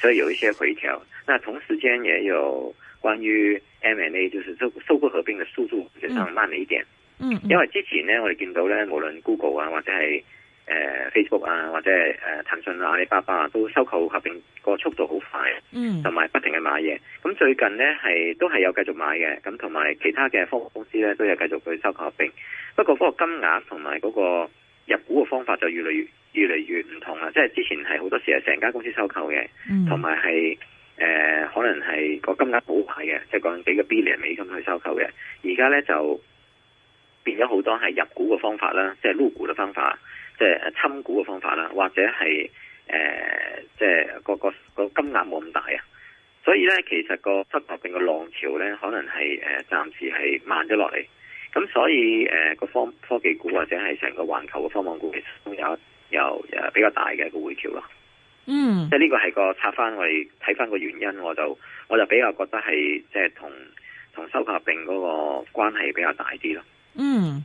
所以有一些回調，那同時間也有關於 M&A，就是收收購合併的速度就是，上慢了一點，嗯。嗯，因為之前呢，我哋見到呢，無論 Google 啊，或者係誒、呃、Facebook 啊，或者誒騰訊啊、阿里巴巴都收購合併個速度好快。嗯，同埋不停嘅買嘢，咁最近呢，係都係有繼續買嘅，咁同埋其他嘅科技公司呢，都有繼續去收購合併，不過嗰個金額同埋嗰個入股嘅方法就越嚟越越嚟越唔同啊！即係之前係好多時係成間公司收購嘅，同埋係誒可能係個金額好大嘅，即係講幾個 billion 美金去收購嘅。而家咧就變咗好多係入股嘅方法啦，即係撈股嘅方法，即係侵股嘅方法啦，或者係誒即係個個個金額冇咁大啊。所以咧，其實個合併嘅浪潮咧，可能係誒暫時係慢咗落嚟。咁所以誒個科科技股或者係成個環球嘅科網股其實都有。有又誒比較大嘅一個回調咯，嗯，即係呢個係個拆翻我哋睇翻個原因，我就我就比較覺得係即係同同收購合併嗰個關係比較大啲咯，嗯。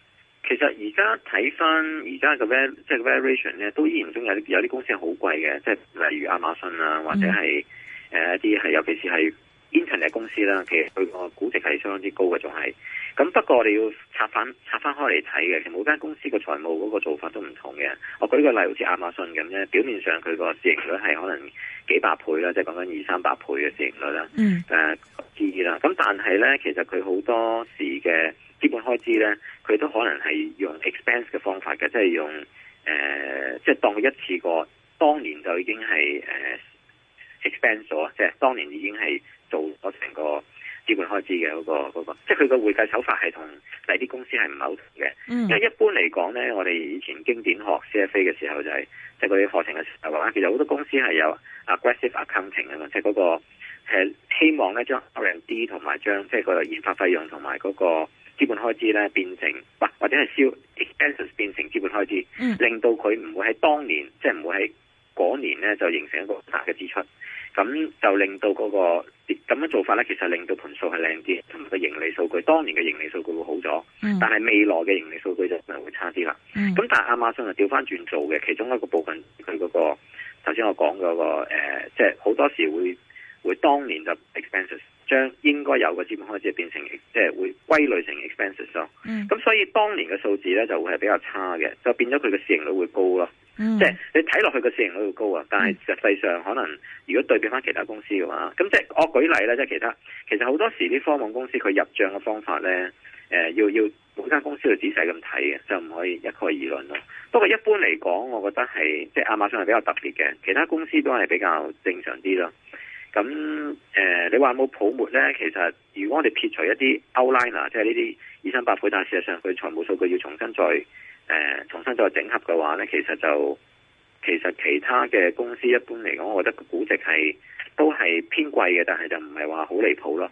其實而家睇翻而家嘅 val 即係 variation 咧，都依然中有啲有啲公司係好貴嘅，即係例如亞馬遜啊，或者係誒一啲係，尤其是係。Internet 公司啦，其實佢個估值係相當之高嘅，仲係咁。不過我哋要拆翻拆翻開嚟睇嘅，其實每間公司嘅財務嗰個做法都唔同嘅。我舉個例，好似亞馬遜咁咧，表面上佢個市盈率係可能幾百倍啦，即係講緊二三百倍嘅市盈率啦。嗯。誒、啊，之啦。咁但係咧，其實佢好多時嘅資本開支咧，佢都可能係用 expense 嘅方法嘅，即、就、係、是、用誒，即、呃、係、就是、當佢一次過當年就已經係誒、呃、expense 咗，即、就、係、是、當年已經係。做成個資本開支嘅嗰、嗰個即係佢個、嗰個就係、會計手法係同第啲公司係唔係好同嘅。因為一般嚟講咧，我哋以前經典學 CFA 嘅時候就係即係嗰啲課程嘅時候其實好多公司係有 aggressive accounting 啊嘛、嗰個，即係嗰個希望咧將 R&D 同埋將即係、就係、個研發費用同埋嗰個資本開支咧變成，或者係銷 expenses 變成資本開支，令到佢唔會喺當年即係唔會喺嗰年咧就形成一個大嘅支出。咁就令到嗰個咁樣做法咧，其實令到盤數係靚啲，同埋個盈利數據，當年嘅盈利數據會好咗，mm. 但係未來嘅盈利數據就可能會差啲啦。咁、mm. 但係亞馬遜係調翻轉做嘅，其中一個部分佢嗰個頭先我講嗰個誒，即係好多時會會當年就 expenses。將應該有個資本開始變成即係會歸類成 expenses 咯，咁、嗯、所以當年嘅數字咧就會係比較差嘅，就變咗佢嘅市盈率會高咯、嗯，即係你睇落去個市盈率會高啊，但係實際上可能如果對比翻其他公司嘅話，咁即係我舉例咧即係其他，其實好多時啲科網公司佢入賬嘅方法咧，誒、呃、要要每間公司去仔細咁睇嘅，就唔可以一概而論咯。不過一般嚟講，我覺得係即係亞馬遜係比較特別嘅，其他公司都係比較正常啲咯。咁誒、呃，你話冇泡沫呢？其實，如果我哋撇除一啲 outlier，即係呢啲二三百倍，但事實上佢財務數據要重新再誒、呃、重新再整合嘅話呢，其實就其實其他嘅公司一般嚟講，我覺得估值係都係偏貴嘅，但係就唔係話好離譜咯。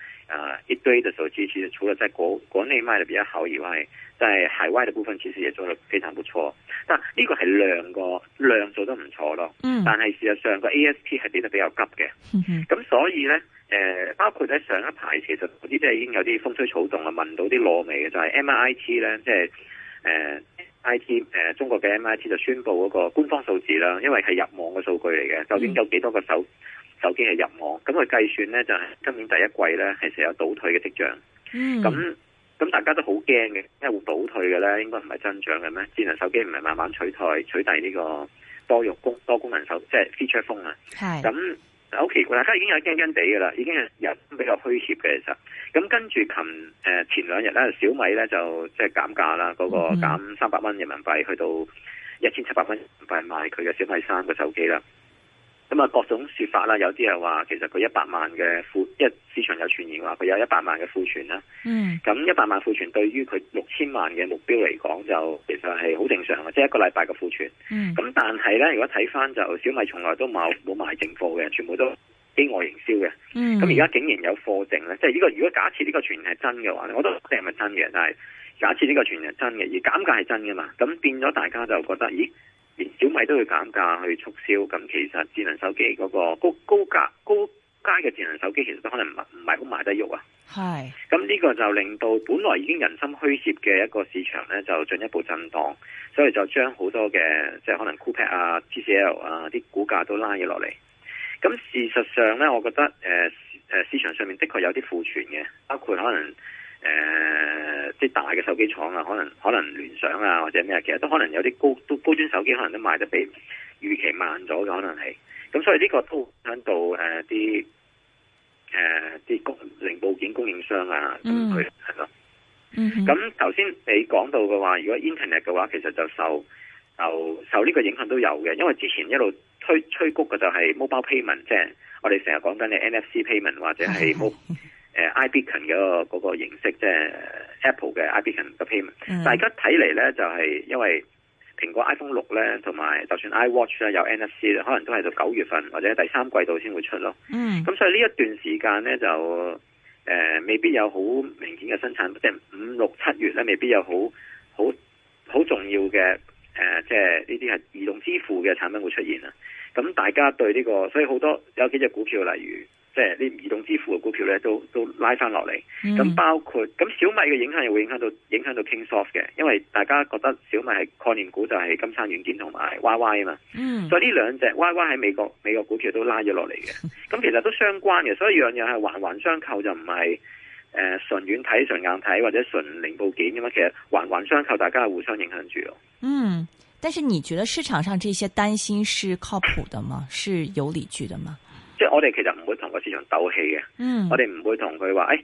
啊！一堆的手機，其實除了在國國內賣得比較好以外，在海外的部分其實也做得非常不錯。但呢個係量個量做得唔錯咯。嗯、mm.。但係事實上個 ASP 係跌得比較急嘅。咁、mm-hmm. 所以咧，誒、呃，包括喺上一排，其實嗰啲都係已經有啲風吹草動啊，聞到啲螺味嘅，就係、是、MIT 咧，即係誒 IT 誒中國嘅 MIT 就宣布嗰個官方數字啦，因為係入網嘅數據嚟嘅，究竟有幾多個手？Mm. 手機係入網，咁佢計算咧就係、是、今年第一季咧係成有倒退嘅跡象。咁、嗯、咁大家都好驚嘅，因為會倒退嘅咧，應該唔係增長嘅咩？智能手機唔係慢慢取代，取替呢個多肉功多功能手，即、就、係、是、feature phone 啊。咁好奇怪，okay，大家已經有驚驚地嘅啦，已經有有比較虛怯嘅其實。咁跟住琴誒前兩日咧，小米咧就即係減價啦，嗰、那個減三百蚊人民幣去到一千七百蚊人民幣賣佢嘅小米三嘅手機啦。咁啊，各種説法啦，有啲係話其實佢一百萬嘅庫，因為市場有傳言話佢有一百萬嘅庫存啦。嗯。咁一百萬庫存對於佢六千萬嘅目標嚟講，就其實係好正常嘅，即係一個禮拜嘅庫存。咁、mm. 但係咧，如果睇翻就小米從來都冇冇賣淨貨嘅，全部都饑餓營銷嘅。咁而家竟然有貨剩咧，即係呢個如果假設呢個傳言係真嘅話咧，我都唔確定係咪真嘅，但係假設呢個傳言係真嘅，而減價係真嘅嘛，咁變咗大家就覺得，咦？小米都會減價去促銷，咁其實智能手機嗰個高高價高階嘅智能手機，其實都可能唔唔係好賣得喐啊。係，咁呢個就令到本來已經人心虛怯嘅一個市場咧，就進一步震盪，所以就將好多嘅即係可能酷派啊、TCL 啊啲股價都拉咗落嚟。咁事實上咧，我覺得誒誒、呃、市場上面的確有啲庫存嘅，包括可能。誒、呃，即係大嘅手機廠啊，可能可能聯想啊，或者咩啊，其實都可能有啲高，都高端手機可能都賣得比預期慢咗嘅，可能係，咁所以呢個都響到誒啲誒啲供零部件供應商啊，咁佢係咯，咁頭先你講到嘅話，如果 internet 嘅話，其實就受就受呢個影響都有嘅，因為之前一路催催谷嘅就係 Mobile payment，即係我哋成日講緊嘅 NFC payment 或者係 e mob- 誒，iBeacon 個嗰個形式，即係 Apple 嘅 iBeacon 嘅 payment、嗯。大家睇嚟咧，就係、是、因為蘋果 iPhone 六咧，同埋就算 iWatch 咧，有 NFC 咧，可能都係到九月份或者第三季度先會出咯。嗯，咁所以呢一段時間咧，就誒未必有好明顯嘅生產即係五六七月咧，未必有好好好重要嘅誒、呃，即係呢啲係移動支付嘅產品會出現啦，咁大家對呢、這個，所以好多有幾隻股票例如。即係啲移動支付嘅股票咧，都都拉翻落嚟。咁、嗯、包括咁小米嘅影響又會影響到影響到 Kingsoft 嘅，因為大家覺得小米係概念股，就係金山軟件同埋 YY 啊嘛。嗯，所以呢兩隻 YY 喺美國美國股票都拉咗落嚟嘅。咁其實都相關嘅，所以一樣樣係環環相扣就不是，就唔係誒，純軟體、純硬體或者純零部件咁樣。其實環環相扣，大家係互相影響住咯。嗯，但是你覺得市場上這些擔心是靠譜的嗎？是有理據的嗎？即係我哋其實唔會同個市場鬥氣嘅，我哋唔會同佢話，誒、哎，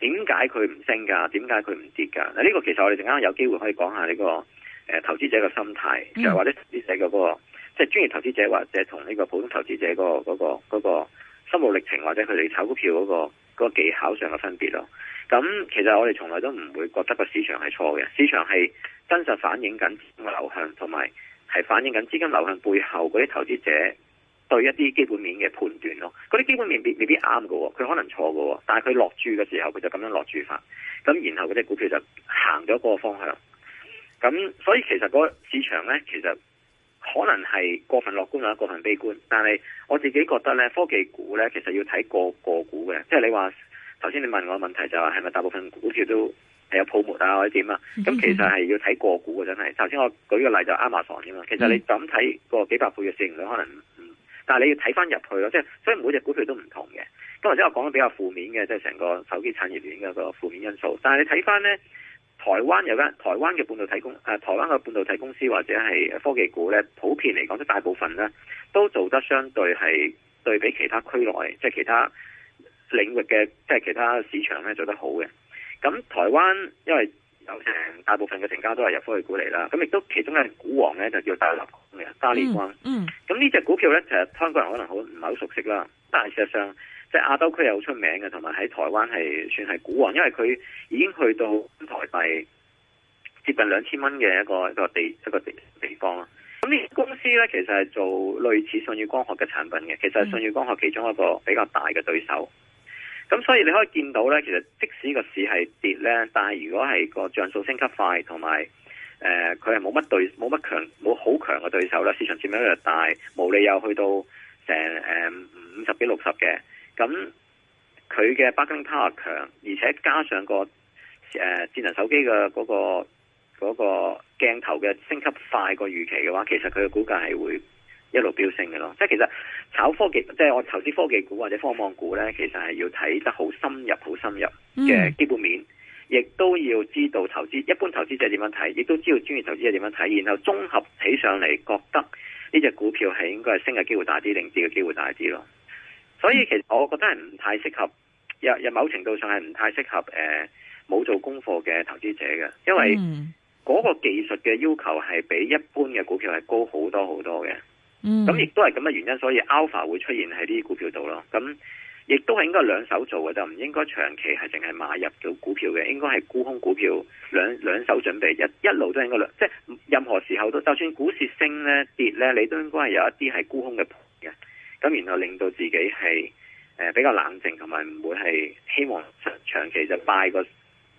點解佢唔升噶？點解佢唔跌噶？嗱，呢個其實我哋陣間有機會可以講下呢、這個誒投資者嘅心態，就係、是、或者投資者嗰、那個，即係專業投資者或者同呢個普通投資者的、那個嗰個、那個心路歷程，或者佢哋炒股票嗰、那個、那個技巧上嘅分別咯。咁其實我哋從來都唔會覺得個市場係錯嘅，市場係真實反映緊資金嘅流向，同埋係反映緊資金流向背後嗰啲投資者。對一啲基本面嘅判斷咯、哦，嗰啲基本面未必啱喎。佢、哦、可能錯喎、哦，但係佢落注嘅時候佢就咁樣落注法，咁然後嗰啲股票就行咗嗰個方向。咁所以其實嗰個市場呢，其實可能係過份樂觀或者過份悲觀。但係我自己覺得呢，科技股呢，其實要睇個個股嘅，即係你話頭先你問我問題就係咪大部分股票都係有泡沫啊或者點啊？咁其實係要睇個股嘅真係。頭先我舉個例就亞馬遜啫嘛，其實你咁睇個幾百倍嘅市盈率可能。但係你要睇翻入去咯，即係所以每隻股票都唔同嘅。咁或者我講得比較負面嘅，即係成個手機產業鏈嘅嗰個負面因素。但係你睇翻呢，台灣有間台灣嘅半導體公司、啊，台灣嘅半導體公司或者係科技股呢，普遍嚟講，即大部分呢都做得相對係對比其他區內，即係其他領域嘅，即係其他市場呢做得好嘅。咁台灣因為有成大部分嘅成交都係入科技股嚟啦，咁亦都其中嘅股王咧就叫大立光嚟啊，大立光。嗯，咁呢隻股票咧，其實香港人可能好唔係好熟悉啦，但係事實上喺亞洲區又好出名嘅，同埋喺台灣係算係股王，因為佢已經去到台幣接近兩千蚊嘅一個一個地一個地地方啦。咁呢公司咧其實係做類似信譽光學嘅產品嘅，其實係信譽光學其中一個比較大嘅對手。咁所以你可以見到咧，其實即使個市係跌咧，但係如果係個像素升級快，同埋誒佢係冇乜對冇乜強冇好強嘅對手啦，市場佔有率大，冇理由去到成誒五十幾六十嘅。咁佢嘅北京 Power 強，而且加上個誒智能手機嘅嗰個嗰個鏡頭嘅升級快個預期嘅話，其實佢嘅估價係會。一路飆升嘅咯，即係其實炒科技，即係我投資科技股或者科網股呢，其實係要睇得好深入、好深入嘅基本面，亦、嗯、都要知道投資一般投資者點樣睇，亦都知道專業投資者點樣睇，然後綜合起上嚟，覺得呢隻股票係應該係升嘅機會大啲，定跌嘅機會大啲咯。所以其實我覺得係唔太適合，有某程度上係唔太適合誒，冇、呃、做功課嘅投資者嘅，因為嗰個技術嘅要求係比一般嘅股票係高好多好多嘅。咁亦都係咁嘅原因，所以 Alpha 會出現喺啲股票度咯。咁亦都係應該兩手做嘅就唔應該長期係淨係買入咗股票嘅，應該係沽空股票兩、兩手準備一一路都應該兩，即係任何時候都，就算股市升咧跌咧，你都應該係有一啲係沽空嘅盤嘅。咁然後令到自己係、呃、比較冷靜，同埋唔會係希望長長期就買個。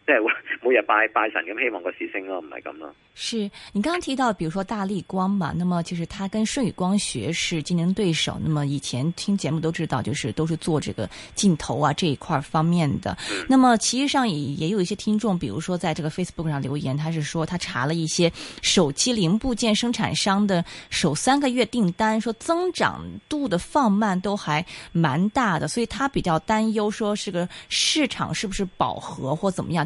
即 係每日拜拜神咁，希望個市升咯，啊，唔係咁咯。是你剛剛提到，比如說大立光嘛，那麼就是他跟舜宇光學是競爭對手。那麼以前聽節目都知道，就是都是做這個鏡頭啊，這一塊方面的。嗯、那麼其實上也也有一些聽眾，比如說在這個 Facebook 上留言，他是說他查了一些手機零部件生產商的首三個月訂單，說增長度的放慢都還蠻大的，所以他比較擔憂，說是個市場是不是飽和或怎麼樣。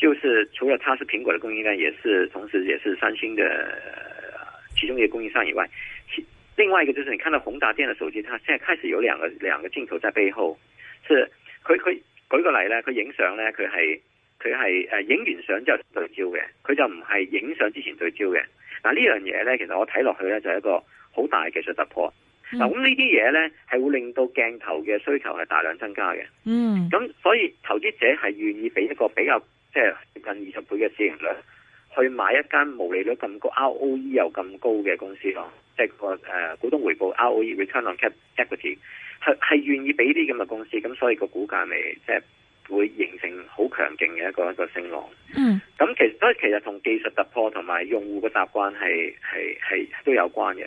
就是除了它是蘋果的供應咧，也是同時也是三星的其中一個供應商以外，另外一個就是你看到宏達電的手機，它現在開始有兩個兩個鏡頭在背後。是佢佢舉個例咧，佢影相咧，佢係佢係誒影完相之後對焦嘅，佢就唔係影相之前對焦嘅。嗱呢樣嘢咧，其實我睇落去咧就係、是、一個好大嘅技術突破。嗱咁呢啲嘢咧係會令到鏡頭嘅需求係大量增加嘅。嗯。咁所以投資者係願意俾一個比較。即係近二十倍嘅市盈率，去買一間毛利率咁高、ROE 又咁高嘅公司咯，即係個誒股東回報 ROE Return on Equity 係係願意俾啲咁嘅公司，咁所以個股價咪即係會形成好強勁嘅一個一個升浪。嗯，咁其實所以其實同技術突破同埋用戶嘅習慣係係係都有關嘅。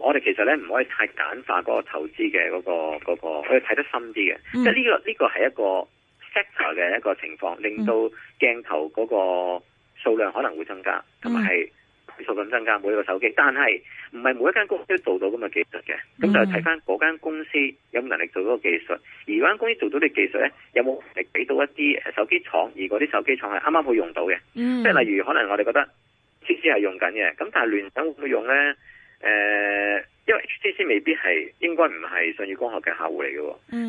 我哋其實咧唔可以太簡化嗰個投資嘅嗰個嗰、那個那個，我要睇得深啲嘅。即、嗯、呢、這個呢、這個係一個 sector 嘅一個情況，令到鏡頭嗰個數量可能會增加，同埋數量增加每一個手機。但係唔係每一間公司都做到咁嘅技術嘅，咁、嗯、就睇翻嗰間公司有冇能力做嗰個技術。而嗰間公司做到啲技術咧，有冇能力俾到一啲手機廠，而嗰啲手機廠係啱啱好用到嘅。即、嗯、係例如，可能我哋覺得設施係用緊嘅，咁但係聯想會唔會用咧？誒、呃，因為 HTC 未必係，應該唔係信譽光學嘅客戶嚟嘅。咁、mm.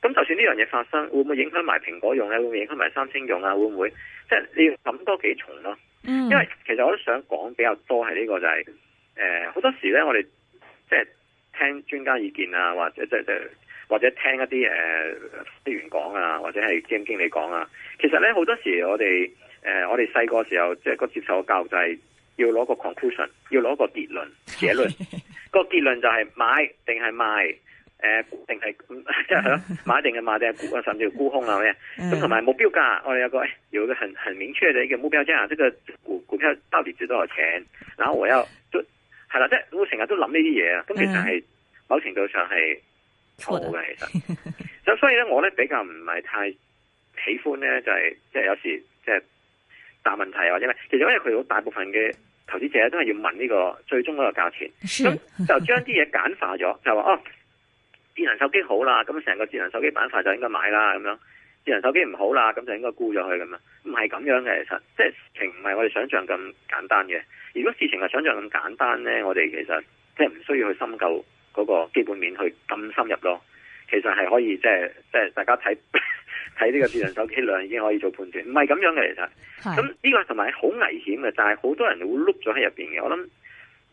咁，就算呢樣嘢發生，會唔會影響埋蘋果用咧？會唔會影響埋三星用啊？會唔會？即、就、係、是、你要諗多幾重咯。Mm. 因為其實我都想講比較多係呢個就係、是，誒、呃，好多時咧，我哋即係聽專家意見啊，或者即即、就是就是、或者聽一啲誒職員講啊，或者係基金經理講啊。其實咧，好多時我哋誒、呃，我哋細個時候即係個接受嘅教育就係、是。要攞個 conclusion，要攞個結論結論， 個結論就係買、呃嗯、 買定係賣，誒定係即係買定係賣定係沽，甚至乎沽空啊咩，咁同埋目標價，我哋要個、哎、有個很很明確嘅一個目標即價，這個股股票到底值多少錢，然後我要我都係啦，即係我成日都諗呢啲嘢啊，咁其實係某程度上係錯嘅，其實，咁 所以咧，我咧比較唔係太喜歡咧、就是，就係即係有時即係大問題啊或者咩，因為其實因為佢大部分嘅投資者都係要問呢個最終嗰個價錢，咁就，就將啲嘢簡化咗，就話哦，智能手機好啦，咁成個智能手機板塊就應該買啦，咁樣智能手機唔好啦，咁就應該沽咗佢咁樣，唔係咁樣嘅其實，即係事情唔係我哋想象咁簡單嘅。如果事情係想象咁簡單呢，我哋其實即係唔需要去深究嗰個基本面去咁深入咯。其實係可以即係即係大家睇。睇呢個智能手機量已經可以做判斷，唔係咁樣嘅其實。咁呢個同埋好危險嘅，但係好多人會碌咗喺入邊嘅。我諗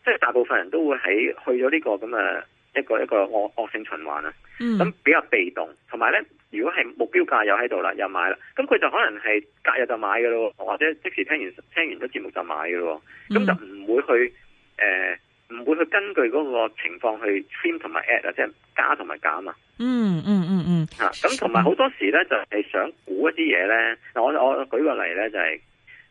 即係大部分人都會喺去咗呢個咁嘅一個一個惡惡性循環啊。咁比較被動，同埋咧，如果係目標價又喺度啦，又買啦，咁佢就可能係隔日就買嘅咯，或者即時聽完聽完咗節目就買嘅咯，咁就唔會去誒。呃唔會去根據嗰個情況去 trim 同埋 add 加加，嗯嗯嗯嗯，啊，即係加同埋減啊。嗯嗯嗯嗯，吓咁同埋好多時咧就係、是、想估一啲嘢咧。嗱，我我舉個例咧就係、是、誒、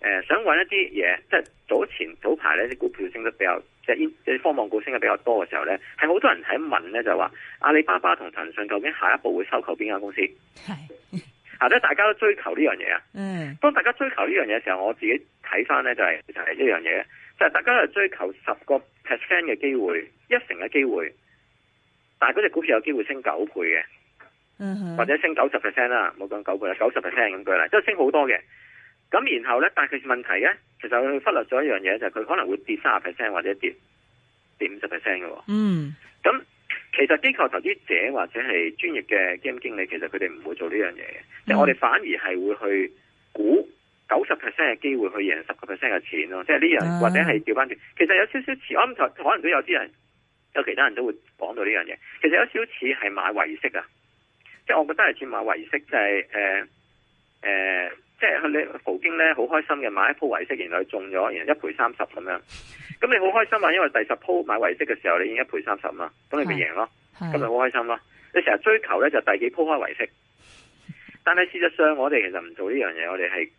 呃、想搵一啲嘢，即、就、係、是、早前早排咧啲股票升得比較即係啲科網股升得比較多嘅時候咧，係好多人喺問咧就話阿里巴巴同騰訊究竟下一步會收購邊間公司？係， 啊、大家都追求呢樣嘢啊。嗯。當大家追求呢樣嘢嘅時候，我自己睇翻咧就係就係呢樣嘢。就係、是、大家係追求十個 percent 嘅機會，一成嘅機會，但係嗰隻股票有機會升九倍嘅，嗯、mm-hmm.，或者升九十 percent 啦，冇講九倍啦，九十 percent 咁舉例啦，即、就、係、是、升好多嘅。咁然後咧，但係佢問題咧，其實佢忽略咗一樣嘢，就係、是、佢可能會跌三十 percent 或者跌50%的、哦，跌五十 percent 嘅。嗯，咁其實機構投資者或者係專業嘅基金經理，其實佢哋唔會做呢樣嘢嘅，即、mm-hmm. 係我哋反而係會去估九十 percent 嘅機會去贏十個 percent 嘅錢咯，即係呢樣或者係掉返轉，其實有少少似，我諗可能都有啲人有其他人都會講到呢樣嘢。其實有少少似係買維息啊，即係我覺得係似買維息，就是，就係誒誒，即係你葡京咧好開心嘅，買一鋪維息，然後中咗，然後一賠三十咁樣。咁你好開心啊，因為第十鋪買維息嘅時候，你已經一賠三十嘛，咁你咪贏咯，咁咪好開心咯，啊。Yeah. 你成日追求咧就第幾鋪開維息，但係事實上我哋其實唔做呢樣嘢，我哋係。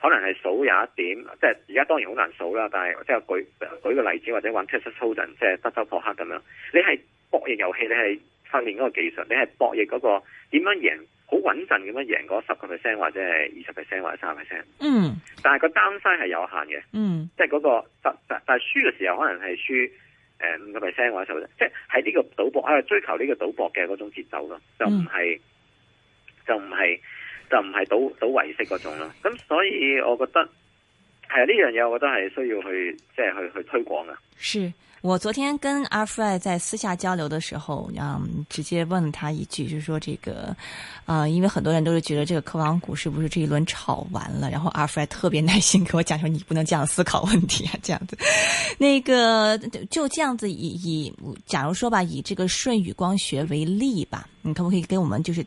可能係數有一點，即係而家當然好難數啦。但係即係舉舉個例子，或者玩 Texas Holdem，即係德州撲克咁樣。你係博弈遊戲，你係訓練嗰個技術，你係博弈嗰、嗰個點樣贏，好穩陣咁樣贏嗰十個 percent 或者係二十 percent 或者三 percent。嗯。但係個擔心係有限嘅。嗯、mm. 那個。即係嗰個但但係輸嘅時候可能係輸誒五個 percent 或者十，即係喺呢個賭博，喺追求呢個賭博嘅嗰種節奏咯，就唔係就唔係。就唔係賭賭維息嗰種啦，咁所以我覺得係啊呢樣嘢，我覺得係需要去即係去去推廣㗎。是我昨天跟阿 Fred 在私下交流嘅時候，嗯，直接問咗他一句，就是、說、這個：，呢個啊，因為很多人都是覺得這個科網股是不是這一輪炒完了？然後阿 Fred 特別耐心給我講，說：你不能這樣思考問題啊，這樣子，那個就這樣子以以，假如說吧，以這個舜宇光學為例吧，你可唔可以給我們就是？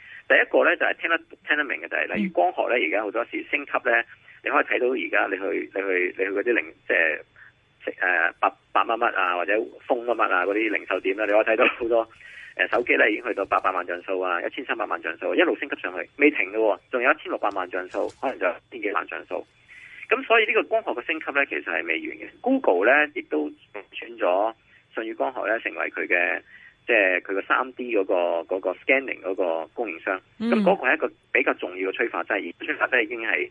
第一個咧就係聽得聽得明嘅，就係、是、例如光學咧，而家好多時升級咧，你可以睇到而家你去你去你去嗰啲零即誒百百乜乜啊或者豐乜乜啊嗰啲零售店咧，你可以睇到好多誒、呃、手機咧已經去到八百萬像素啊，一千三百萬像素一路升級上去，未停嘅。哦，仲有一千六百萬像素，可能就千幾萬像素。咁所以呢個光學嘅升級咧，其實係未完嘅。Google 咧亦都選咗舜宇光學咧成為佢嘅。即係佢個三 D 嗰個嗰個 scanning 嗰個供應商，咁嗰個係一個比較重要嘅催化劑，而催化劑已經係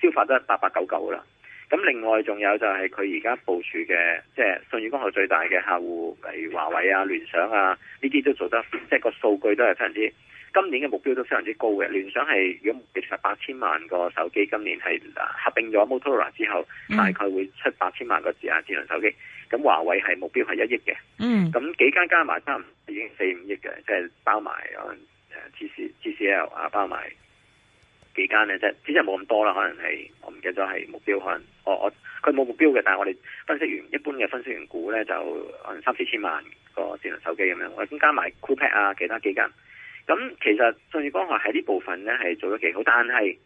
消化得八八九九啦。咁另外仲有就係佢而家部署嘅，即係舜宇光學最大嘅客戶，例如華為啊、聯想啊，呢啲都做得，即係個數據都係非常之。今年嘅目標都非常之高嘅。聯想係如果其實八千萬個手機，今年係合併咗 Motorola 之後，大概會出八千萬個字啊，智能手機。咁華為係目標係一億嘅，咁，嗯、幾間加埋差唔多已經四五億嘅，就是 GC，即係包埋可能 T C L 啊，包埋幾間嘅啫，只係冇咁多啦，可能係我唔記得咗係目標，可能、哦、我我佢冇目標嘅，但係我哋分析員一般嘅分析員股咧，就可能三四千萬個智能手機咁樣，咁加埋 c o o p a c 啊、其他幾間，咁其實信義光學喺呢部分咧係做得幾好，但係。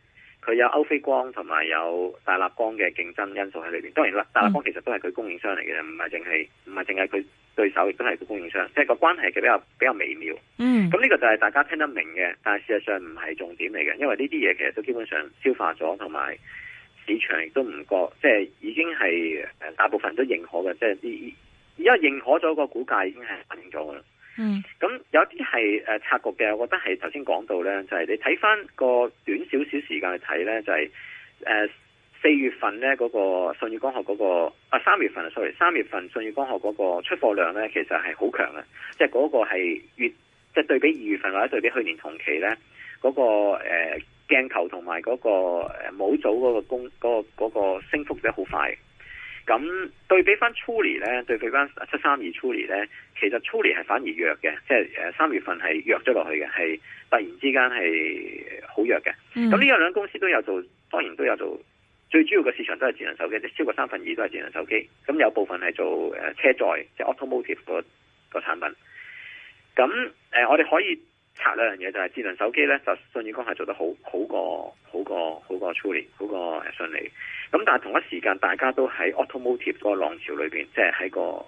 佢有歐菲光同埋有大立光嘅競爭因素喺裏邊，當然啦大立光其實都係佢供應商嚟嘅，唔係淨係唔係淨係佢對手，亦都係佢供應商，即係個關係比較比較微妙。嗯，咁呢個就係大家聽得明嘅，但係事實上唔係重點嚟嘅，因為呢啲嘢其實都基本上消化咗，同埋市場亦都唔覺，即係已經係誒大部分都認可嘅，即係依家認可咗個股價已經係穩定咗啦。嗯，咁有啲係誒策略嘅，我覺得係頭先講到咧，就係、是、你睇翻個短少少時間去睇咧，就係誒四月份咧嗰個舜宇光學嗰、那個啊三月份啊 sorry 三月份舜宇光學嗰個出貨量咧，其實係好強嘅，即係嗰個係月，即、就、係、是、對比二月份或者對比去年同期咧，嗰、那個誒鏡頭同埋嗰個誒模組嗰個嗰、那個、那個升幅就好快。咁對比翻 Truly 咧，對比翻七三二 Truly 咧，其實 Truly 係反而弱嘅，即係誒三月份係弱咗落去嘅，係突然之間係好弱嘅。咁呢一兩公司都有做，當然都有做，最主要嘅市場都係智能手機，即係超過三分二都係智能手機。咁有部分係做誒車載，即係 automotive 嗰個產品。咁誒我哋可以。拆呢樣嘢就係智能手機咧，就信譽光係做得好好過好過好過 Sony 好過索尼。咁但同一時間，大家都喺 automotive 個浪潮裏邊，即係喺個嗰、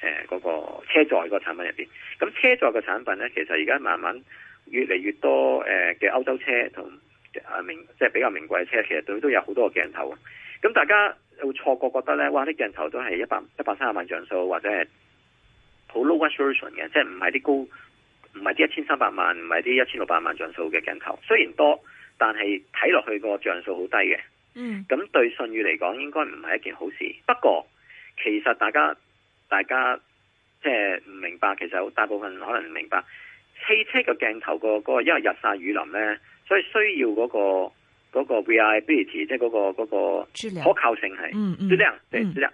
呃、個，個車載個產品入邊。咁車載嘅產品咧，其實而家慢慢越嚟越多嘅歐、呃、洲車同名即係、就是、比較名貴嘅車，其實都都有好多鏡頭。咁大家會錯覺覺得咧，哇！啲鏡頭都係一百一百三十萬像素或者係好 low resolution 嘅，即係唔係啲高。唔係啲一千三百萬，唔係啲一千六百萬像素嘅鏡頭，雖然多，但係睇落去個像素好低嘅。嗯，咁對信譽嚟講，應該唔係一件好事。不過，其實大家大家即係唔明白，其實大部分可能唔明白，汽車嘅鏡頭個個因為日曬雨淋咧，所以需要嗰個、嗰個 reliability，即係嗰個、嗰個、嗰個可靠性係。嗯嗯，質量，質量，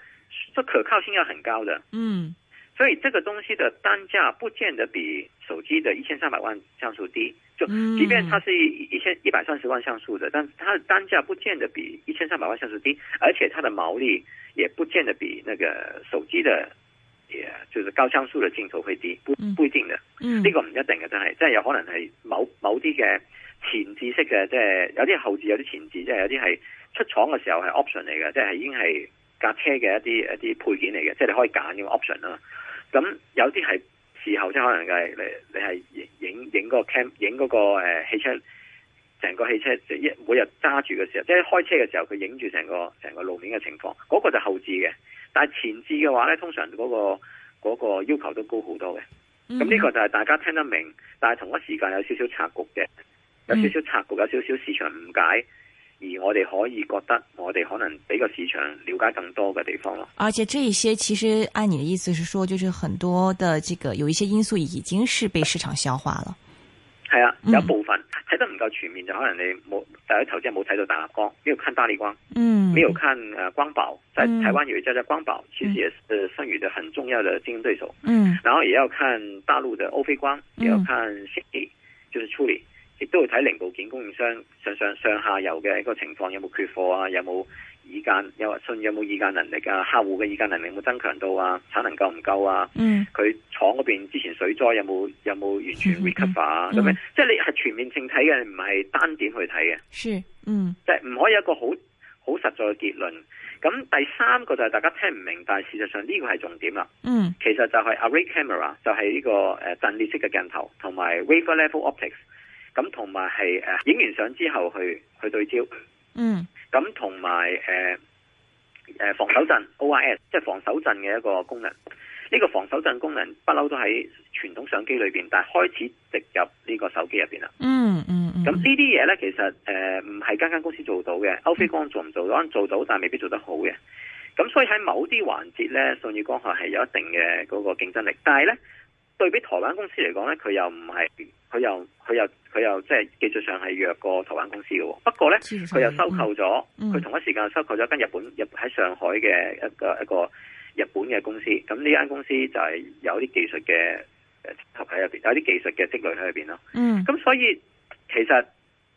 即係可靠性要很高嘅。嗯。嗯所以這個東西的單價不見得比手機的一千三百萬像素低，就即便它是一千一百三十萬像素的，但是它的單價不見得比一千三百萬像素低，而且它的毛利也不見得比那個手機的，也就是高像素的鏡頭會低不，不一定嘅，呢個唔一定嘅，真係即係有可能係某某啲嘅前置式嘅，即係有啲後置有啲前置，即係有啲係出廠嘅時候係 option 嚟嘅，即係已經係架車嘅一啲一啲配件嚟嘅，即係你可以揀嘅 option 啦。咁有啲係事後即可能，係你你係影影個 cam，影個個誒汽車，成個汽車即一每日揸住嘅時候，即係開車嘅時候，佢影住成個成個路面嘅情況，嗰個就後置嘅。但係前置嘅話咧，通常嗰個嗰個要求都高好多嘅。咁呢個就係大家聽得明，但係同一時間有少少插局嘅，有少少插局，有少少市場誤解。而我哋可以覺得，我哋可能俾個市場了解更多嘅地方咯。而且，這一些其實按你的意思，是說就是很多的這個有一些因素已經是被市場消化了。係啊，有部分睇，嗯、得唔夠全面，就可能你冇大家投先冇睇到大立光。沒有看大立光，嗯，沒有看光寶，在台灣有一家叫光寶，嗯，其實也是舜宇的很重要的競爭對手，嗯，然後也要看大陸的歐菲光，也要看處理，嗯，就是處理。亦都會睇零部件供應商上上上下游嘅一個情況，有冇缺貨啊？有冇議價？有信有冇議價能力啊？客戶嘅議價能力有冇增強到啊？產能夠唔夠啊？嗯，佢廠嗰邊之前水災有冇有冇完全 recover 啊、嗯？咁、嗯、樣、嗯、即係你係全面性睇嘅，唔係單點去睇嘅。是，嗯，即係唔可以有一個好好實在嘅結論。咁第三個就係大家聽唔明白，但係事實上呢個係重點啦。嗯，其實就係 array camera 就係呢個誒陣列式嘅鏡頭，同埋 wafer level optics。咁同埋係誒影完相之後去去對焦，嗯，咁同埋誒防守陣 OIS，即係防守陣嘅一個功能。呢、呢個防守陣功能不嬲都喺傳統相機裏面，但係開始植入呢個手機入面啦。嗯嗯。咁、嗯、呢啲嘢咧，其實誒唔係間間公司做到嘅。歐菲光做唔做到？可能做到，但係未必做得好嘅。咁所以喺某啲環節咧，信義光學係有一定嘅嗰個競爭力，但係咧。對比台灣公司嚟講呢，佢又唔係，佢又佢又佢又即係、就是、技術上係弱過台灣公司嘅。不過呢，佢又收購咗，佢同一時間收購咗一間日本日喺上海嘅一個一個日本嘅公司。咁呢間公司就係有啲技術嘅誒，合喺有啲技術嘅積累喺入邊咯。嗯，咁所以其實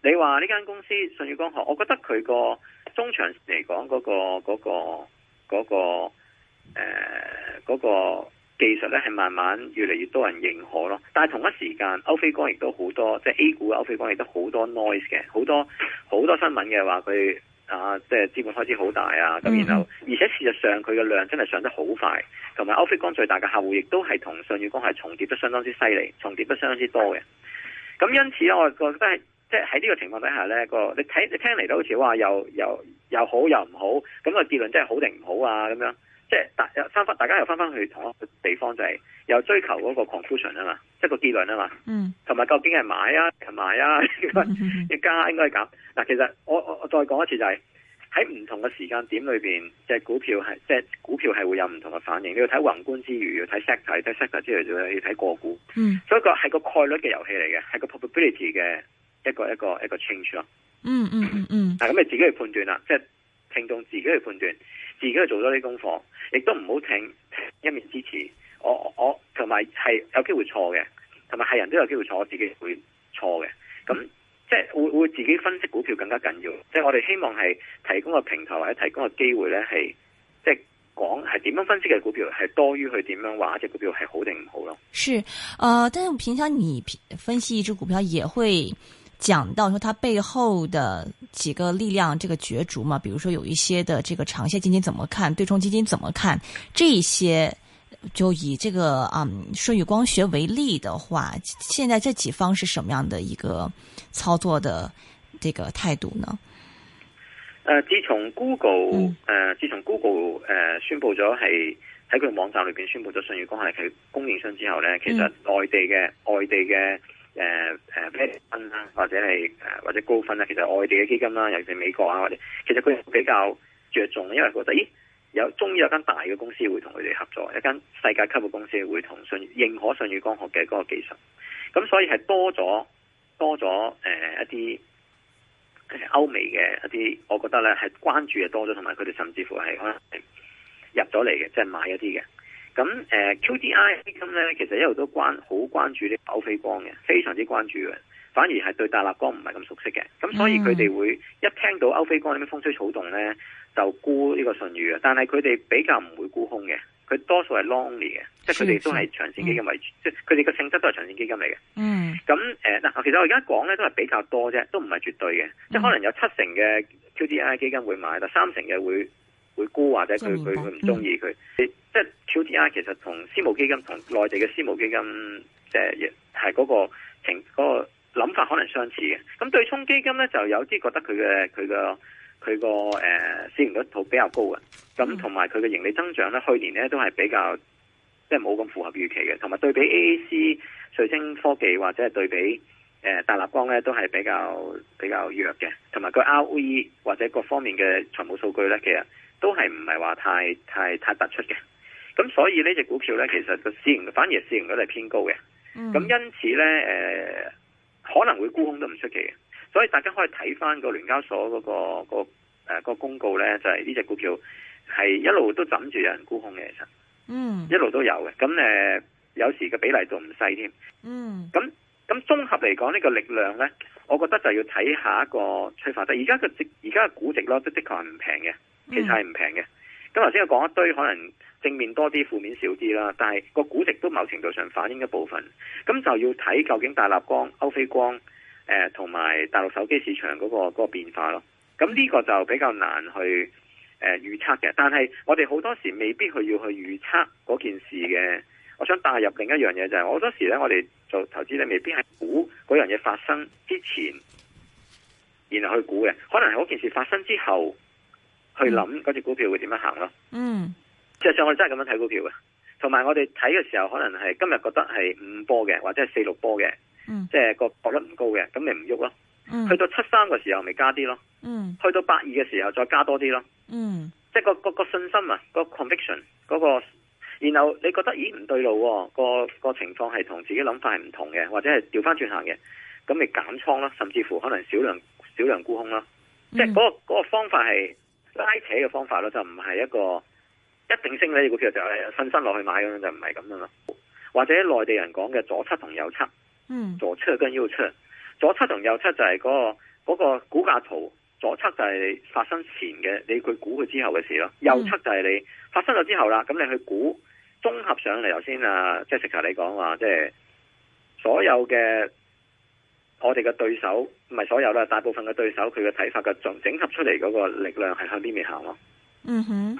你話呢間公司舜宇光學，我覺得佢個中長嚟講嗰個嗰個嗰個誒嗰個。那個那個呃那個技術咧係慢慢越嚟越多人認可咯，但係同一時間歐菲光亦都好多，即係 A 股嘅歐菲光亦都好多 noise 嘅，好多好多新聞嘅話佢啊，即係資本開支好大啊，咁然後而且事實上佢嘅量真係上得好快，同埋歐菲光最大嘅客戶亦都係同信譽光係重疊得相當之犀利，重疊得相當之多嘅。咁因此咧，我覺得係即係喺呢個情況底下咧，個你睇你聽嚟都好似哇，又又又好又唔好，咁個結論真係好定唔好啊咁樣？即係大又翻翻，大家又翻翻去同一個地方，就係、是、又追求嗰個 conclusion 啊嘛，即係個結論啊嘛。嗯。同埋究竟係買啊，同埋啊，要 加應該減。嗱，其實我我我再講一次就係喺唔同嘅時間點裏邊，隻、就是、股票係即係股票係會有唔同嘅反應。你要睇宏觀之餘，要睇 sector，睇 sector 之餘就要睇個股。嗯。所以個係個概率嘅遊戲嚟嘅，係個 probability 嘅一個一個一個 change 咯。嗯嗯嗯。嗱、嗯，咁 你自己去判斷啦，即、就、係、是、聽眾自己去判斷。自己去做咗啲功課，亦都唔好聽一面之詞。我我同埋係有機會錯嘅，同埋係人都有機會錯，我自己會錯嘅。咁即係會會自己分析股票更加緊要。即係我哋希望係提供個平台或者提供個機會呢，係即係講係點樣分析嘅股票，係多於佢點樣話一隻股票係好定唔好咯。係，呃，但係我平常你分析一隻股票也會。講到說它背後的幾個力量這個角逐嘛，比如說有一些的這個長線基金怎麼看，對沖基金怎麼看，這一些就以這個嗯舜宇光學為例的話，現在這幾方是什麼樣的一個操作的這個態度呢？呃，自從 Google、嗯、呃自從 Google 呃宣布咗喺喺佢網站裏邊宣布咗舜宇光學係佢供應商之後呢、嗯、其實內地嘅內地嘅。誒、呃、誒，咩分啦？或者係誒、呃，或者高分啦？其實外地嘅基金啦，尤其美國啊，或者，其實佢比較着重，因為覺得咦，有終於有間大嘅公司會同佢哋合作，一間世界級嘅公司會同信認可信譽光學嘅嗰個技術，咁所以係多咗多咗誒、呃、一啲歐美嘅一啲，我覺得咧係關注係多咗，同埋佢哋甚至乎係可能係入咗嚟嘅，即、就、係、是、買一啲嘅。咁誒、呃 mm. QDII 基金咧，其實一路都關好關注啲歐菲光嘅，非常之關注嘅。反而係對大立光唔係咁熟悉嘅。咁所以佢哋會一聽到歐菲光啲風吹草動咧，就沽呢個信譽嘅。但係佢哋比較唔會沽空嘅。佢多數係 long 嘅，即係佢哋都係長線基金為主。Mm. 即係佢哋嘅性質都係長線基金嚟嘅。嗯、mm.。咁誒，嗱，其實我而家講咧都係比較多啫，都唔係絕對嘅。Mm. 即係可能有七成嘅 QDII 基金會買，但三成嘅會。會沽或者佢佢佢唔中意佢，即係 QTR 其實同私募基金同內地嘅私募基金，即係係嗰個情嗰個諗法可能相似嘅。咁對沖基金咧就有啲覺得佢嘅佢個佢個誒市盈率好比較高嘅，咁同埋佢嘅盈利增長咧去年咧都係比較即係冇咁符合預期嘅，同埋對比 AAC 瑞聲科技或者係對比。誒、呃，大立光咧都係比較比較弱嘅，同埋個 ROE 或者各方面嘅財務數據咧，其實都係唔係話太太太突出嘅。咁所以呢隻股票咧，其實個市盈反而市盈率係偏高嘅。咁因此咧，誒、呃、可能會沽空都唔出奇嘅。所以大家可以睇翻個聯交所嗰、個、個誒、個公告咧，就係呢隻股票係一路都枕住有人沽空嘅，其實，一路都有嘅。咁誒、呃、有時嘅比例仲唔細添。嗯。咁。咁綜合嚟講，呢、這個力量呢，我覺得就要睇下一個催化劑，但而家個值，而家嘅估值咯，都的確係唔平嘅，其實係唔平嘅。咁頭先我講一堆可能正面多啲、負面少啲啦，但係個估值都某程度上反映一部分。咁就要睇究竟大立光、歐菲光，同、呃、埋大陸手機市場嗰、嗰個嗰、嗰個、變化咯。咁呢個就比較難去、呃、預測嘅。但係我哋好多時未必去要去預測嗰件事嘅。我想帶入另一樣嘢就係，好多時咧，我哋做投資咧，未必係估嗰樣嘢發生之前，然後去估嘅，可能係嗰件事發生之後去諗嗰隻股票會點樣行、嗯、咯。嗯，即係上我哋真係咁樣睇股票嘅，同埋我哋睇嘅時候，可能係今日覺得係五波嘅，或者係四六波嘅，即係覺得唔高嘅，咁咪唔喐咯。去到七三嘅時候咪加啲咯。去到八二嘅時候再加多啲咯。嗯，即係個信心啊，嗰個 conviction、嗰個.然後你覺得咦唔對路、哦那個、那個情況係同自己諗法係唔同嘅，或者係掉返轉行嘅，咁你減倉啦，甚至乎可能少量少量沽空啦。Mm. 即係、那、嗰個嗰、嗰個方法係拉扯嘅方法咯，就唔係一個一定升嘅股票就係瞓身落去買，咁樣就唔係咁啦，或者內地人講嘅左側同右側，嗯、mm.，左側跟右側、那個，左側同右側就係嗰個嗰個股價圖，左側就係你發生前嘅，你去估佢之後嘅事咯，右側就係你發生咗之後啦，咁、mm. 你去估。綜合上嚟，頭先啊即 e s s 你講話，即、就、係、是、所有嘅我哋嘅對手，唔係所有啦，大部分嘅對手佢嘅睇法嘅總整合出嚟嗰個力量係向邊面行咯？嗯哼。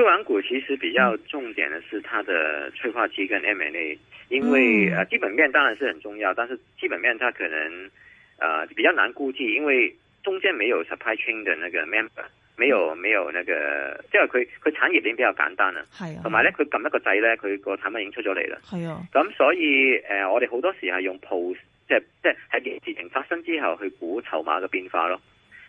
綠環股其實比較重點嘅是它的催化劑跟 M&A，因為啊基本面當然是很重要，但是基本面它可能啊、呃、比較難估計，因為中間沒有 supply chain 的那個 member，沒有沒有那個，即係佢佢產業鏈比較簡單啦。係啊，同埋咧佢撳一個掣咧，佢個產品已經出咗嚟啦。係啊，咁所以誒、呃、我哋好多時係用 post 即係即係喺件事情發生之後去估籌碼嘅變化咯，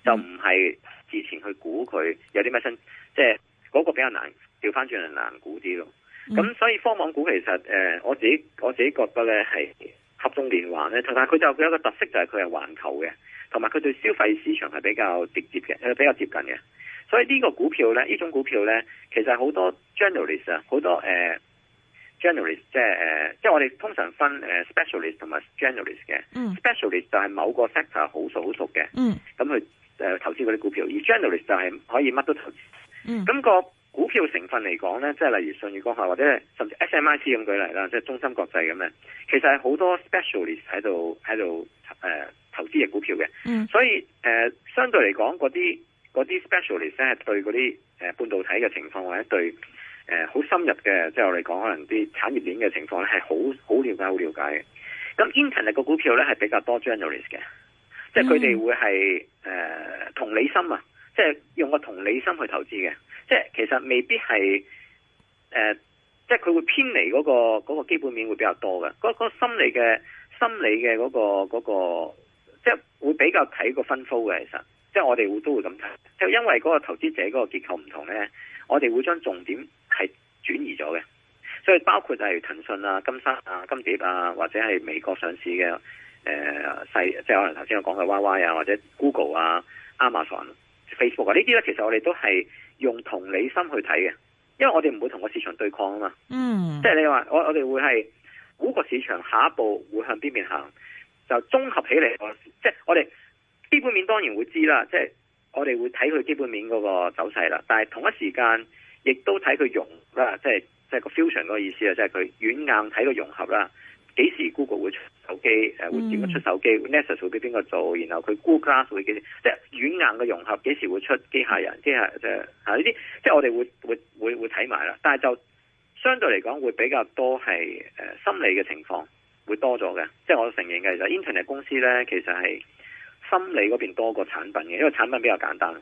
就唔係事前去估佢有啲咩新即係。嗰、那個比較難調翻轉嚟難估啲咯，咁所以科網股其實誒，我自己我自己覺得咧係合縱連橫咧，但係佢就佢有一個特色就係佢係環球嘅，同埋佢對消費市場係比較直接嘅、呃，比較接近嘅。所以呢個股票咧，呢種股票咧，其實好多 generalist 啊，好多、uh, 誒 generalist，即、就、係、是、誒，即、uh, 係我哋通常分誒 specialist 同埋 generalist 嘅。嗯、mm.。specialist 就係某個 sector 好熟好熟嘅。嗯。咁佢投資嗰啲股票，而 generalist 就係可以乜都投。咁、嗯，那個股票成分嚟講咧，即係例如信譽光華或者甚至 S M I C 咁舉例啦，即係中芯國際咁樣。其實係好多 specialist 喺度喺度誒投資嘅股票嘅。嗯，所以誒、呃、相對嚟講，嗰啲啲 specialist 咧，對嗰啲誒半導體嘅情況或者對誒好、呃、深入嘅，即係我嚟講可能啲產業鏈嘅情況咧，係好好了解好了解嘅。咁 Intel 嘅個股票咧係比較多 generalist 嘅，即係佢哋會係誒、嗯呃、同理心啊。即係用個同理心去投資嘅，即係其實未必係誒、呃，即係佢會偏離嗰、那個、那個基本面會比較多嘅，嗰、那個心理嘅心理嘅嗰、那個、那個，即係會比較睇個分數嘅。其實，即係我哋會都會咁睇，就因為嗰個投資者嗰個結構唔同咧，我哋會將重點係轉移咗嘅，所以包括就係騰訊啊、金山啊、金蝶啊，或者係美國上市嘅誒細，即係可能頭先我講嘅 Y Y 啊，或者 Google 啊、亞馬遜。Facebook 啊，呢啲咧，其實我哋都係用同理心去睇嘅，因為我哋唔會同個市場對抗啊嘛。嗯、mm.，即係你話我我哋會係估個市場下一步會向邊邊行，就綜合起嚟，即係我哋基本面當然會知啦，即係我哋會睇佢基本面嗰個走勢啦。但係同一時間亦都睇佢融啦，即係即係個 fusion 嗰個意思啊，即係佢軟硬睇佢融合啦。幾時 Google 會出手機？誒，會點樣出手機？Nexus、嗯、會畀邊個做？然後佢 Google Glass 會幾？即係軟硬嘅融合，幾時會出機械人？即係即係吓呢啲？即係我哋會會會會睇埋啦。但係就相對嚟講，會比較多係誒、呃、心理嘅情況會多咗嘅。即係我都承認嘅，就 Internet 公司咧，其實係心理嗰邊多過產品嘅，因為產品比較簡單。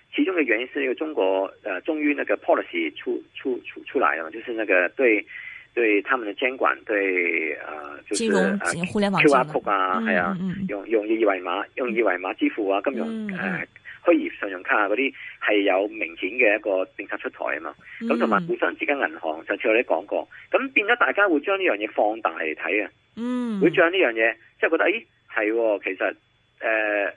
始終嘅原因是中國，呃，終於那個 policy 出出出出來了，就是那個對對他們的監管，對，呃，就是 QR code 啊，係啊，用用二維碼，用二維碼支付啊，金融誒，虛擬信用卡嗰啲係有明顯嘅一個政策出台啊嘛，咁同埋本身之間銀行上次我哋講過，咁變咗大家會將呢樣嘢放大嚟睇啊，嗯，會將呢樣嘢即係覺得，咦，係、哦，其實誒、呃，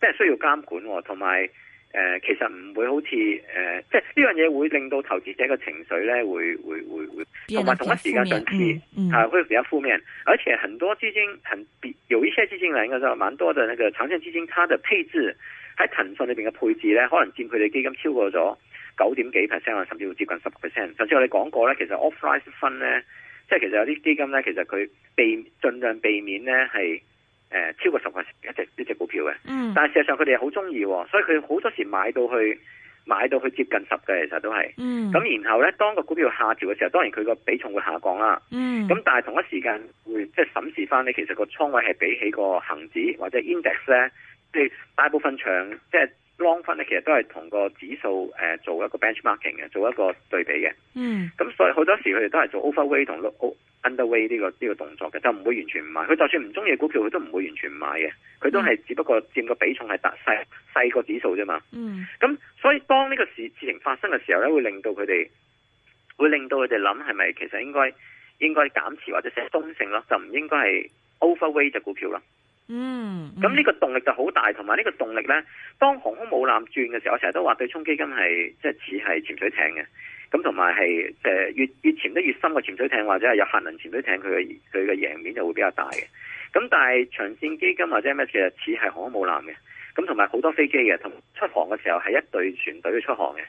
真係需要監管、哦，同埋。誒、呃，其實唔會好似誒，即係呢樣嘢會令到投資者嘅情緒咧，會會會會，同埋同一時間正面吓，會比較負面，而且很多資金，很、嗯、比、嗯、有一些資金咧，應該就蠻多嘅呢個產生資金，它嘅配置喺騰訊裏邊嘅配置咧，可能佔佢哋基金超過咗九點幾 percent 啊，甚至乎接近十 percent。上次我哋講過咧，其實 offrise 分咧，即、就、係、是、其實有啲基金咧，其實佢避盡量避免咧係。誒，超過十塊一隻一隻股票嘅，嗯，但係事實上佢哋好鍾意，所以佢好多時候買到去，買到去接近十嘅其實都係，咁、嗯、然後咧，當個股票下調嘅時候，當然佢個比重會下降啦，咁、嗯、但係同一時間會即係審視返，你其實個倉位係比起個恒指或者 index 咧，即係大部分場即係。就是 long 翻咧，其實都係同個指數誒做一個 benchmarking 嘅，做一個對比嘅。嗯。咁所以好多時佢哋都係做 overweight 同 underweight 呢個呢個動作嘅，就唔會完全唔買。佢就算唔中意股票，佢都唔會完全唔買嘅。佢都係只不過佔個比重係大細細個指數啫嘛。嗯。咁所以當呢個事事情發生嘅時候咧，會令到佢哋會令到佢哋諗係咪其實應該應該減持或者寫中性咯，就唔應該係 overweight 嘅股票啦。嗯，咁、嗯、呢個動力就好大，同埋呢個動力呢，當航空母艦轉嘅時候，我成日都話對沖基金係即係似係潛水艇嘅，咁同埋係誒越越潛得越深嘅潛水艇或者係有核能潛水艇，佢佢嘅贏面就會比較大嘅。咁但係長線基金或者咩其實似係航空母艦嘅，咁同埋好多飛機嘅，同出航嘅時候係一隊船隊去出航嘅，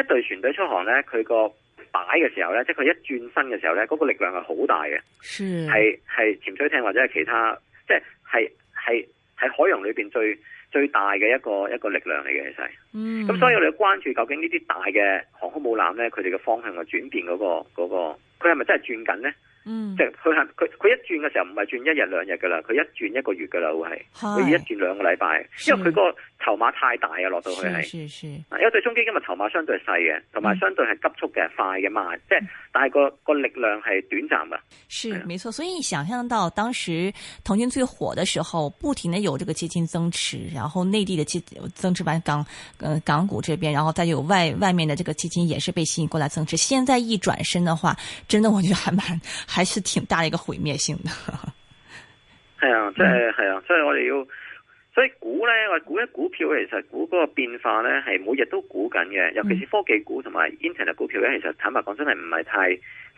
一隊船隊出航呢，佢個擺嘅時候呢，即係佢一轉身嘅時候呢，嗰、嗰個力量係好大嘅，係係潛水艇或者係其他即係。係係喺海洋裏邊最最大嘅一個一個力量嚟嘅，其實。嗯。咁所以我哋關注究竟呢啲大嘅航空母艦咧，佢哋嘅方向嘅轉變嗰個嗰個，佢係咪真係轉緊咧？嗯，即係佢係佢佢一轉嘅時候唔係轉一日兩日噶啦，佢一轉一個月噶啦會係，佢一轉兩個禮拜，因為佢個籌碼太大啊，落到去係，因為對中基金嘅籌碼相對細嘅，同埋相對係急速嘅、嗯、快嘅賣，即係但係個個力量係短暫啊。是，是，沒錯。所以想象到當時騰訊最火嘅時候，不停的有這個基金增持，然後內地的基增持版港，嗯、呃、港股這邊，然後再有外外面的這個基金也是被吸引過來增持。現在一轉身的話，真的我覺得還蠻。還是挺大的一個毀滅性的，係 啊，即係係啊，所以我哋要，所以股呢，我估一股票其實股嗰個變化呢，係每日都估緊嘅。尤其是科技股同埋 Internet 股票咧，其實坦白講，真係唔係太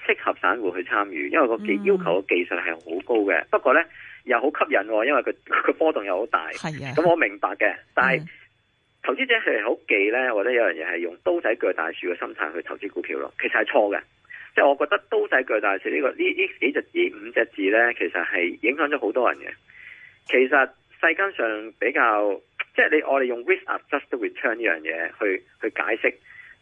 適合散戶去參與，因為個技要求嘅技術係好高嘅、嗯。不過呢，又好吸引、哦，因為佢佢個波動又好大。咁、啊、我明白嘅，但係投資者係好忌呢、嗯，或者有樣嘢係用刀仔鋸大樹嘅心態去投資股票咯，其實係錯嘅。即係我覺得刀仔鋸大樹呢個呢呢幾隻字，五隻字呢，其實係影響咗好多人嘅。其實世間上比較，即係你我哋用 risk adjusted return 呢樣嘢去去解釋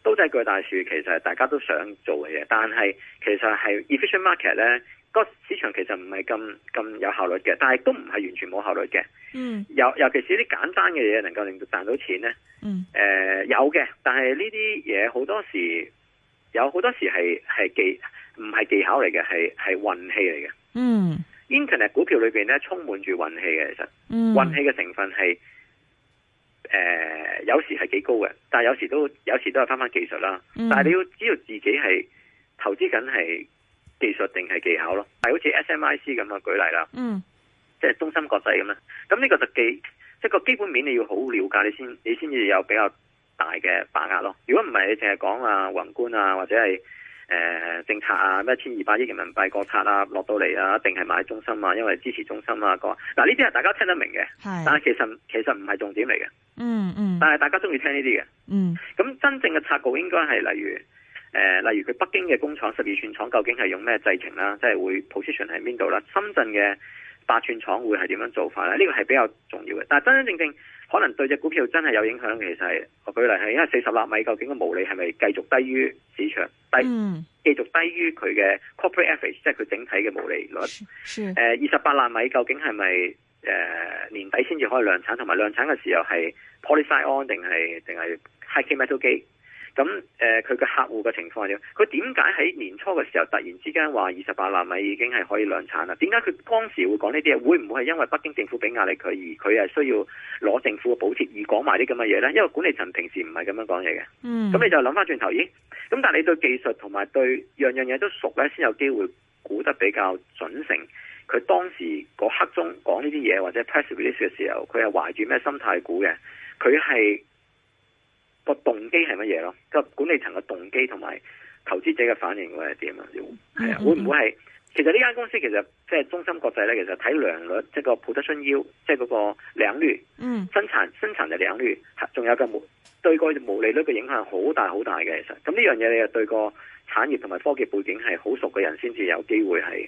刀仔鋸大樹，其實係大家都想做嘅嘢。但係其實係 efficient market 呢個市場其實唔係咁咁有效率嘅，但係都唔係完全冇效率嘅。嗯、mm.，尤尤其是啲簡單嘅嘢能夠令到賺到錢呢，嗯、mm. 呃，有嘅，但係呢啲嘢好多時候。有好多時係係技唔係技巧嚟嘅，係係運氣嚟嘅。嗯，internet 股票裏邊咧充滿住運氣嘅，其實，運氣嘅成分係誒、嗯呃、有時係幾高嘅，但係有時都有時都係翻翻技術啦。嗯、但係你要知道自己係投資緊係技術定係技巧咯。但係好似 SMIC 咁嘅舉例啦。嗯，即係中芯國際咁樣。咁呢個就技即係個基本面你要好了解，你先你先至有比較。大嘅把握咯，如果唔係，你淨係講啊宏觀啊，或者係誒、呃、政策啊，咩一千二百億人民幣國策啊落到嚟啊，一定係買中芯啊，因為支持中芯啊個。嗱呢啲係大家聽得明嘅，但係其實其實唔係重點嚟嘅。嗯嗯。但係大家中意聽呢啲嘅。嗯。咁、嗯、真正嘅策稿應該係例如誒、呃，例如佢北京嘅工廠十二寸廠究竟係用咩製程啦、啊，即係會 position 喺邊度啦，深圳嘅八寸廠會係點樣做法咧？呢、呢個係比較重要嘅。但係真真正正。可能對隻股票真係有影響，其實我舉例係因為四十納米究竟個毛利係咪繼續低於市場低，繼續低於佢嘅 Corporate Average，即係佢整體嘅毛利率。誒二十八納米究竟係咪誒年底先至可以量產，同埋量產嘅時候係 Polysilicon 定係定係 High K Metal Gate？咁誒，佢、呃、嘅客戶嘅情況點，佢點解喺年初嘅時候突然之間話二十八納米已經係可以量產啦？點解佢當時會講呢啲嘢？會唔會係因為北京政府俾壓力佢而佢係需要攞政府嘅補貼而講埋啲咁嘅嘢呢？因為管理層平時唔係咁樣講嘢嘅。咁、嗯、你就諗翻轉頭咦？咁但你對技術同埋對樣樣嘢都熟呢，先有機會估得比較準成。佢當時嗰刻中講呢啲嘢或者 press release 嘅時候，佢係懷住咩心態估嘅？佢係。個動機係乜嘢咯？個管理層嘅動機同埋投資者嘅反應會係點啊？要係啊，會唔會係？其實呢間公司其實即係中心國際咧，其實睇良率即係個 production yield，即嗰個良率。嗯、就是，生產生產嘅良率，仲有個冇對個毛利率嘅影響好大好大嘅。其實咁呢樣嘢，你又對個產業同埋科技背景係好熟嘅人先至有機會係。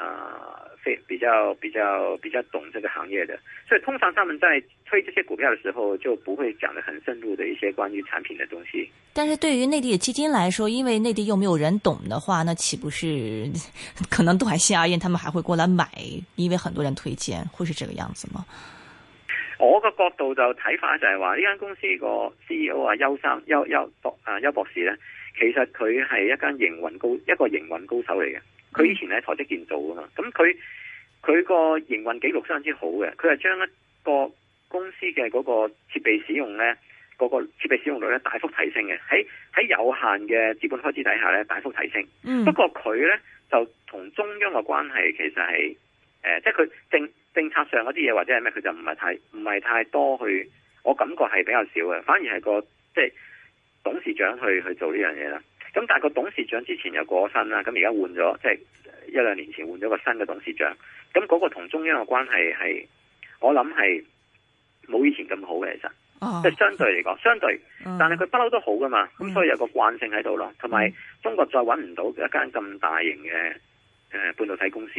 啊、呃，非比較比較比較懂這個行業的，所以通常他們在推這些股票的時候，就不會講得很深入的一些關於產品的東西。但是對於內地的基金來說，因為內地又沒有人懂的話，那豈不是可能短線而言，他們還會過來買？因為很多人推薦，會是這個樣子嗎？我個角度就睇法就係話，呢間公司個 CEO 啊，邱生邱邱博啊邱博士呢，其實佢係一間營運高一個營運高手嚟嘅。佢以前咧台積電做㗎嘛，咁佢佢個營運記錄非常之好嘅，佢係將一個公司嘅嗰個設備使用咧，嗰、嗰個設備使用率咧大幅提升嘅，喺喺有限嘅資本開支底下咧大幅提升。嗯。不過佢咧就同中央嘅關係其實係，誒，即係佢政政策上嗰啲嘢，或者係咩，佢就唔係太唔係太多去，我感覺係比較少嘅，反而係個即係、就是、董事長去去做呢樣嘢啦。咁但係個董事長之前又過身啦，咁而家換咗，即、就、係、是、一兩年前換咗個新嘅董事長。咁嗰個同中央嘅關係係，我諗係冇以前咁好嘅，其實即係、哦、相對嚟講，相對，嗯、但係佢不嬲都好噶嘛，咁所以有個慣性喺度咯。同埋中國再搵唔到一間咁大型嘅誒半導體公司，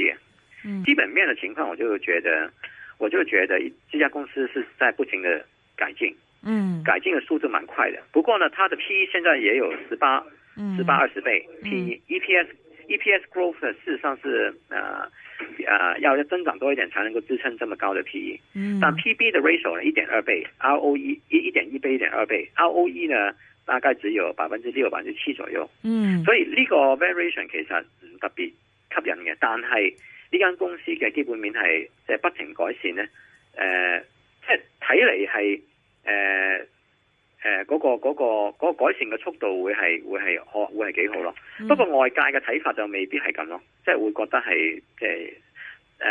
基本面嘅情況，我就覺得，我就覺得這家公司是在不停嘅改進，嗯，改進嘅速度蠻快嘅。不過呢，它的 P E 現在也有十八。十八二十倍 P、嗯嗯、E P S E P S growth 事實上是啊啊、呃呃、要增長多一點才能夠支撐這麼高的 P E、嗯。但 P B 的 ratio 1.2 1.2、ROE、呢一點二倍 R O E 一一點一倍一點二倍 R O E 呢大概只有百分之六百分之七左右。嗯，所以呢個 variation 其實唔特別吸引嘅，但係呢間公司嘅基本面係即係不停改善呢？誒、呃，即係睇嚟係誒。呃誒、呃，嗰、嗰個、嗰個、嗰個改善嘅速度會係會係可會係幾好咯、嗯？不過外界嘅睇法就未必係咁咯，即係會覺得係即係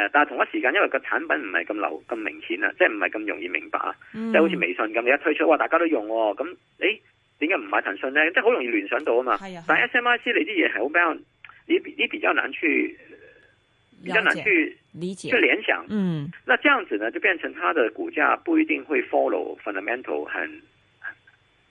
誒，但係同一時間因為個產品唔係咁流咁明顯啊，即係唔係咁容易明白啊，即、嗯、係好似微信咁，你一推出哇大家都用、哦，咁誒點解唔買騰訊咧？即係好容易聯想到啊嘛。是啊是，但 S M I C 你啲嘢係好比較，你你比較難去，比較難去理解去聯想。嗯，那這樣子呢就變成它的股價不一定會 follow fundamental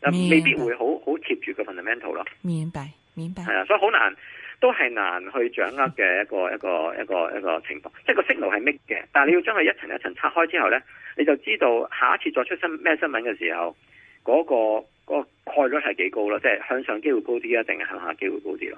誒，未必會好好貼住個 fundamental 咯。明白，明白。係啊，所以好難，都係難去掌握嘅一個一個一個一個情況。即係個息率係咩嘅？但係你要將佢一層一層拆開之後咧，你就知道下一次再出新咩新聞嘅時候，嗰個嗰個概率係幾高咯？即係向上機會高啲啊，定係向下機會高啲咯？